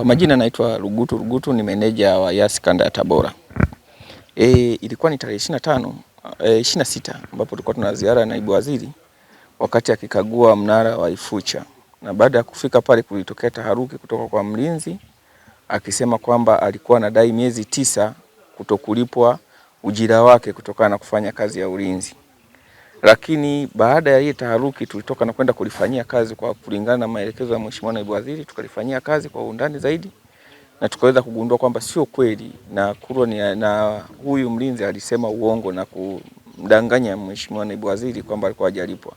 Kwa majina naitwa Lugutu Lugutu, ni meneja wa Yas kanda ya Tabora. E, ilikuwa ni tarehe 25 e, 26 ambapo tulikuwa tuna ziara ya naibu waziri wakati akikagua mnara wa Ifucha, na baada ya kufika pale kulitokea taharuki kutoka kwa mlinzi akisema kwamba alikuwa anadai miezi tisa kutokulipwa ujira wake kutokana na kufanya kazi ya ulinzi lakini baada ya hii taharuki tulitoka na kwenda kulifanyia kazi kwa kulingana na maelekezo ya Mheshimiwa Naibu Waziri, tukalifanyia kazi kwa undani zaidi na tukaweza kugundua kwamba sio kweli na Kurwa ni, na huyu mlinzi alisema uongo na kumdanganya Mheshimiwa Naibu Waziri kwamba alikuwa hajalipwa,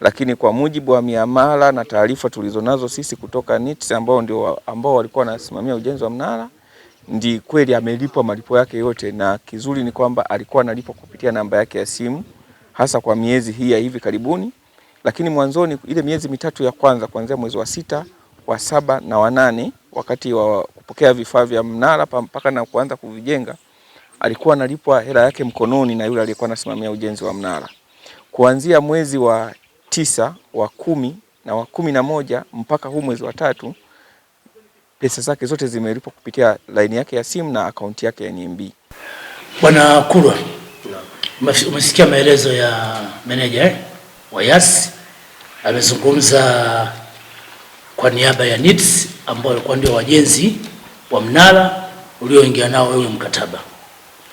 lakini kwa mujibu wa miamala na taarifa tulizonazo sisi kutoka NITS e ambao ndio ambao walikuwa wanasimamia ujenzi wa mnara ndi kweli amelipwa malipo yake yote, na kizuri ni kwamba alikuwa analipwa kupitia namba yake ya simu hasa kwa miezi hii ya hivi karibuni, lakini mwanzoni ile miezi mitatu ya kwanza kuanzia mwezi wa sita, wa saba na wa nane, wakati wa kupokea vifaa vya mnara mpaka na kuanza kuvijenga, alikuwa analipwa hela yake mkononi na yule aliyekuwa anasimamia ujenzi wa mnara. Kuanzia mwezi wa tisa, wa kumi na wa kumi na moja mpaka huu mwezi wa tatu pesa zake zote zimelipwa kupitia laini yake ya simu na akaunti yake ya NMB. Bwana Kulwa Umesikia maelezo ya meneja eh, wa Yas amezungumza kwa niaba ya NITS ambao walikuwa ndio wajenzi wa mnara ulioingia nao wewe mkataba,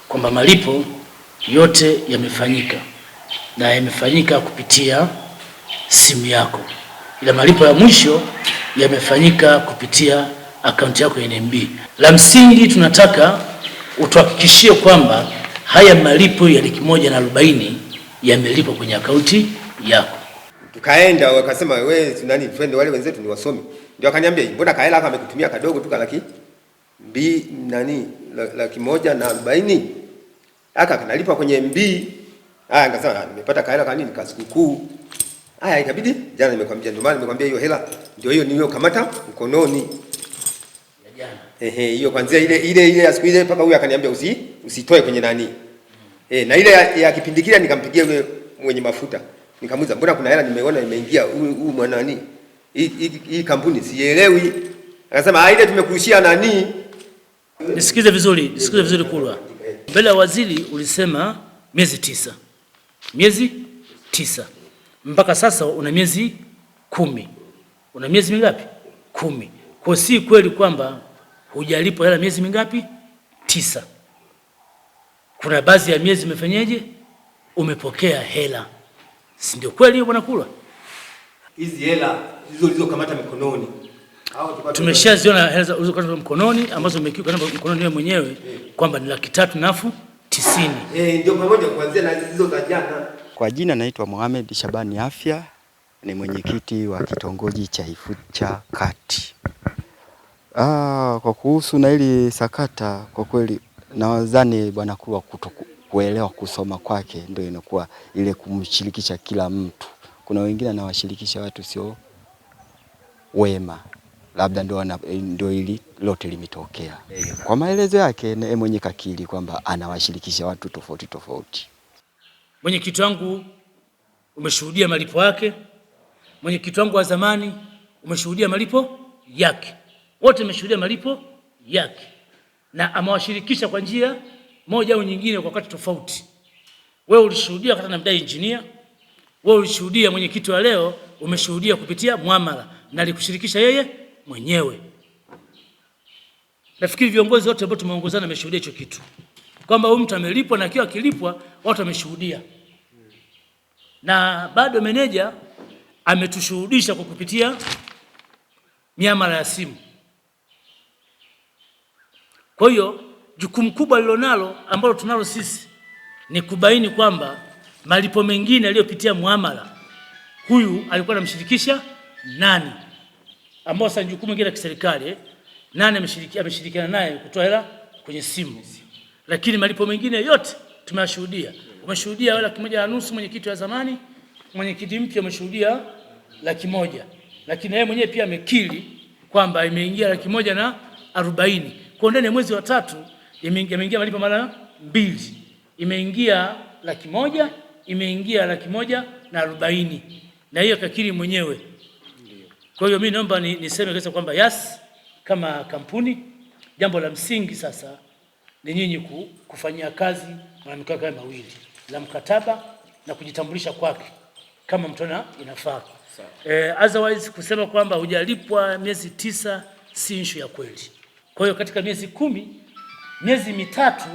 kwamba malipo yote yamefanyika na yamefanyika kupitia simu yako, ila malipo ya mwisho yamefanyika kupitia akaunti yako ya NMB. La msingi tunataka utuhakikishie kwamba haya malipo ya laki moja na arobaini yamelipwa kwenye akaunti yako. Tukaenda wakasema wewe nani, twende wale wenzetu ni wasomi, ndio akaniambia mbona kaela hapa amekutumia kadogo tu kalaki mbi nani laki moja na arobaini aka kanalipa kwenye mbi. Haya, nikasema ah, nimepata kaela kwa nini kukuu. Haya, ikabidi jana, nimekwambia ndio maana nimekwambia hiyo hela ndio hiyo niliyokamata mkononi ya jana, ehe, hiyo kwanza ile ile ile ya siku ile mpaka huyu akaniambia usi usitoe kwenye nani. Eh, na ile ya, ya kipindi kile nikampigia yule mwenye mafuta. Nikamuuliza mbona kuna hela nimeona imeingia huyu mwana Hii kampuni sielewi. Akasema ah, ile tumekuishia nani? Nisikize vizuri, nisikize vizuri Kulwa. Eh. Mbele ya waziri ulisema miezi tisa. Miezi tisa. Mpaka sasa una miezi kumi. Una miezi mingapi? Kumi. Kwa si kweli kwamba hujalipo hela miezi mingapi? Tisa. Kuna baadhi ya miezi imefanyaje, umepokea hela, si ndio? Kweli bwana Kulwa, hizi hela hizo zilizokamata mikononi tumeshaziona hela zilizokamata mkononi ambazo umekiuka mkononi wewe mwenyewe eh. kwamba ni laki tatu nafu tisini. Eh, ndio pamoja kuanzia na hizo za jana. Kwa jina naitwa Mohamed Shabani Afya, ni mwenyekiti wa kitongoji cha Ifucha Kati. Ah, kwa kuhusu na hili sakata kwa kweli Nawadhani Bwana kuwa kuto kuelewa kusoma kwake ndio inakuwa ile kumshirikisha kila mtu. Kuna wengine anawashirikisha watu sio wema, labda ndio ndio ili lote limetokea. Kwa maelezo yake yeye mwenye kakiri kwamba anawashirikisha watu tofauti tofauti. Mwenyekiti wangu umeshuhudia malipo yake, mwenyekiti wangu wa zamani umeshuhudia malipo yake, wote umeshuhudia malipo yake na amewashirikisha kwa njia moja au nyingine kwa wakati tofauti. Wewe ulishuhudia wakati anamdai engineer, wewe ulishuhudia mwenyekiti wa leo, umeshuhudia kupitia mwamala na alikushirikisha yeye mwenyewe. Nafikiri viongozi wote ambao tumeongozana wameshuhudia hicho kitu, kwamba huyu mtu amelipwa na akiwa akilipwa watu wameshuhudia, na bado meneja ametushuhudisha kwa kupitia miamala ya simu. Kwa hiyo jukumu kubwa lilonalo ambalo tunalo sisi ni kubaini kwamba malipo mengine aliyopitia muamala huyu alikuwa anamshirikisha nani, ambao sasa jukumu lingine la kiserikali, nani ameshirikiana naye kutoa hela kwenye simu. Lakini malipo mengine yote tumeyashuhudia. Umeshuhudia laki moja na nusu mwenyekiti wa zamani, mwenyekiti mpya umeshuhudia laki moja, lakini yeye mwenyewe pia amekiri kwamba imeingia laki moja na arobaini. Kwa ndani ya mwezi wa tatu imeingia malipo mara mbili, imeingia laki moja, imeingia laki moja na arobaini, na hiyo kakiri mwenyewe. Kwa hiyo mimi naomba ni, niseme kabisa kwamba Yas kama kampuni, jambo la msingi sasa ni nyinyi kufanyia kazi malalamiko haya mawili, la mkataba na kujitambulisha kwake kama mtona inafaa. Eh, otherwise kusema kwamba hujalipwa miezi tisa si issue ya kweli. Kwa hiyo katika miezi kumi, miezi mitatu,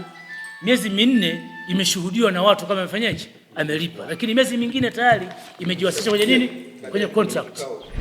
miezi minne imeshuhudiwa na watu kama amefanyaje, amelipa, lakini miezi mingine tayari imejiwasilisha kwenye nini, kwenye contract.